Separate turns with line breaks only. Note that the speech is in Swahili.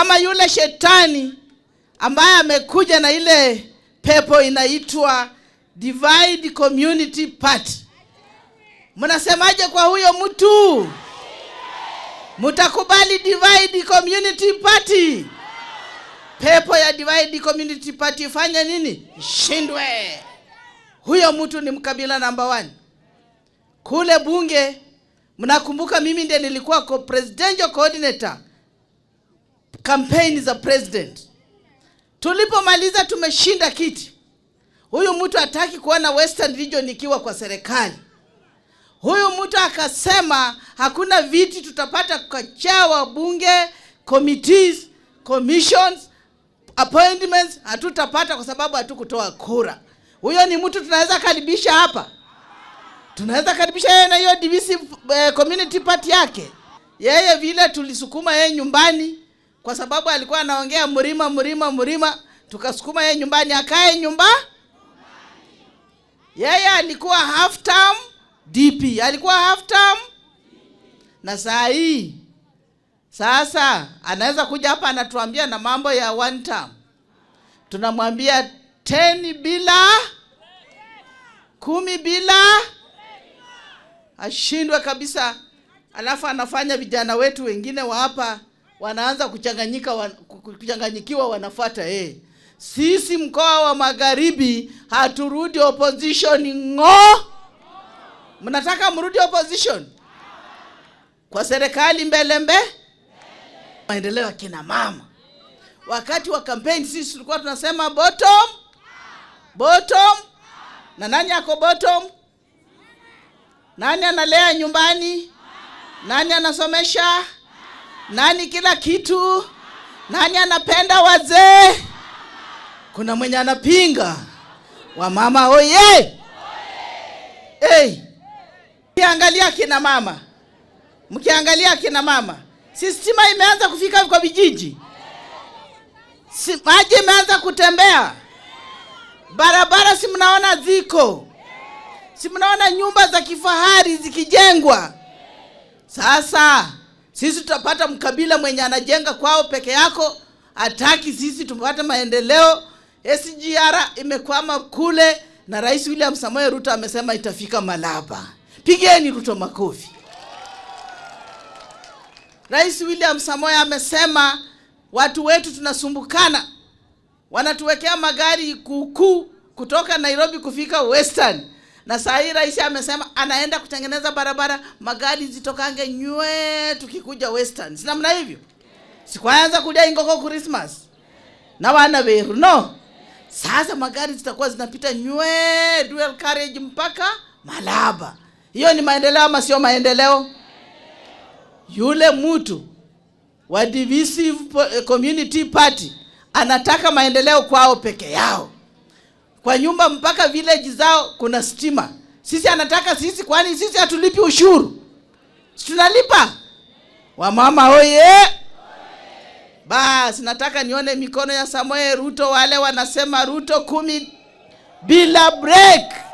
ama yule shetani ambaye amekuja na ile pepo inaitwa divide community party. Mnasemaje kwa huyo mtu? Mtakubali divide community party? Pepo ya divide community party ifanye nini? Shindwe. Huyo mtu ni mkabila namba one. Kule bunge mnakumbuka, mimi ndiye nilikuwa co presidential coordinator kampeni za president. Tulipomaliza tumeshinda kiti, huyu mtu hataki kuona Western Region ikiwa kwa serikali. Huyu mtu akasema hakuna viti tutapata kuchaa wabunge, committees, commissions, appointments hatutapata kwa sababu hatukutoa kura. Huyo ni mtu tunaweza karibisha hapa? Tunaweza karibisha yeye na hiyo DVC eh, community party yake? Yeye vile tulisukuma yeye nyumbani kwa sababu alikuwa anaongea mlima mlima mlima, tukasukuma yeye nyumbani akae nyumba. Yeye alikuwa half term DP, alikuwa half term na saa hii sasa anaweza kuja hapa anatuambia na mambo ya one term. Tunamwambia teni bila kumi bila ashindwe kabisa, alafu anafanya vijana wetu wengine wa hapa wanaanza kuchanganyika wan, kuchanganyikiwa wanafuata eh Sisi mkoa wa Magharibi haturudi opposition ng'o. Mnataka mrudi opposition kwa serikali mbele mbe maendeleo ya kina mama. Wakati wa campaign sisi tulikuwa tunasema bottom bottom, na nani ako bottom? Nani analea nyumbani? Nani anasomesha nani kila kitu? Nani anapenda wazee? Kuna mwenye anapinga wamama oye! Hey, mkiangalia kina mama, mkiangalia kina mama, si stima imeanza kufika kwa vijiji, si maji imeanza kutembea, barabara si mnaona ziko, si mnaona nyumba za kifahari zikijengwa sasa sisi tutapata mkabila mwenye anajenga kwao peke yako, hataki sisi tupate maendeleo. SGR imekwama kule, na Rais William Samoei Ruto amesema itafika Malaba. Pigeni Ruto makofi. Rais William Samoei amesema watu wetu tunasumbukana, wanatuwekea magari kuukuu kutoka Nairobi kufika Western na saa hii rais amesema anaenda kutengeneza barabara, magari zitokange nywe tukikuja Western, si namna hivyo? Sikwanza kulia ingoko Christmas na wana veru no. Sasa magari zitakuwa zinapita nywe dual carriage mpaka Malaba. Hiyo ni maendeleo ama sio maendeleo? Yule mtu wa divisive community party anataka maendeleo kwao peke yao kwa nyumba mpaka village zao kuna stima. Sisi anataka sisi, kwani sisi hatulipi ushuru? Tunalipa. Wamama oye! Basi nataka nione mikono ya Samuel Ruto, wale wanasema Ruto kumi bila break.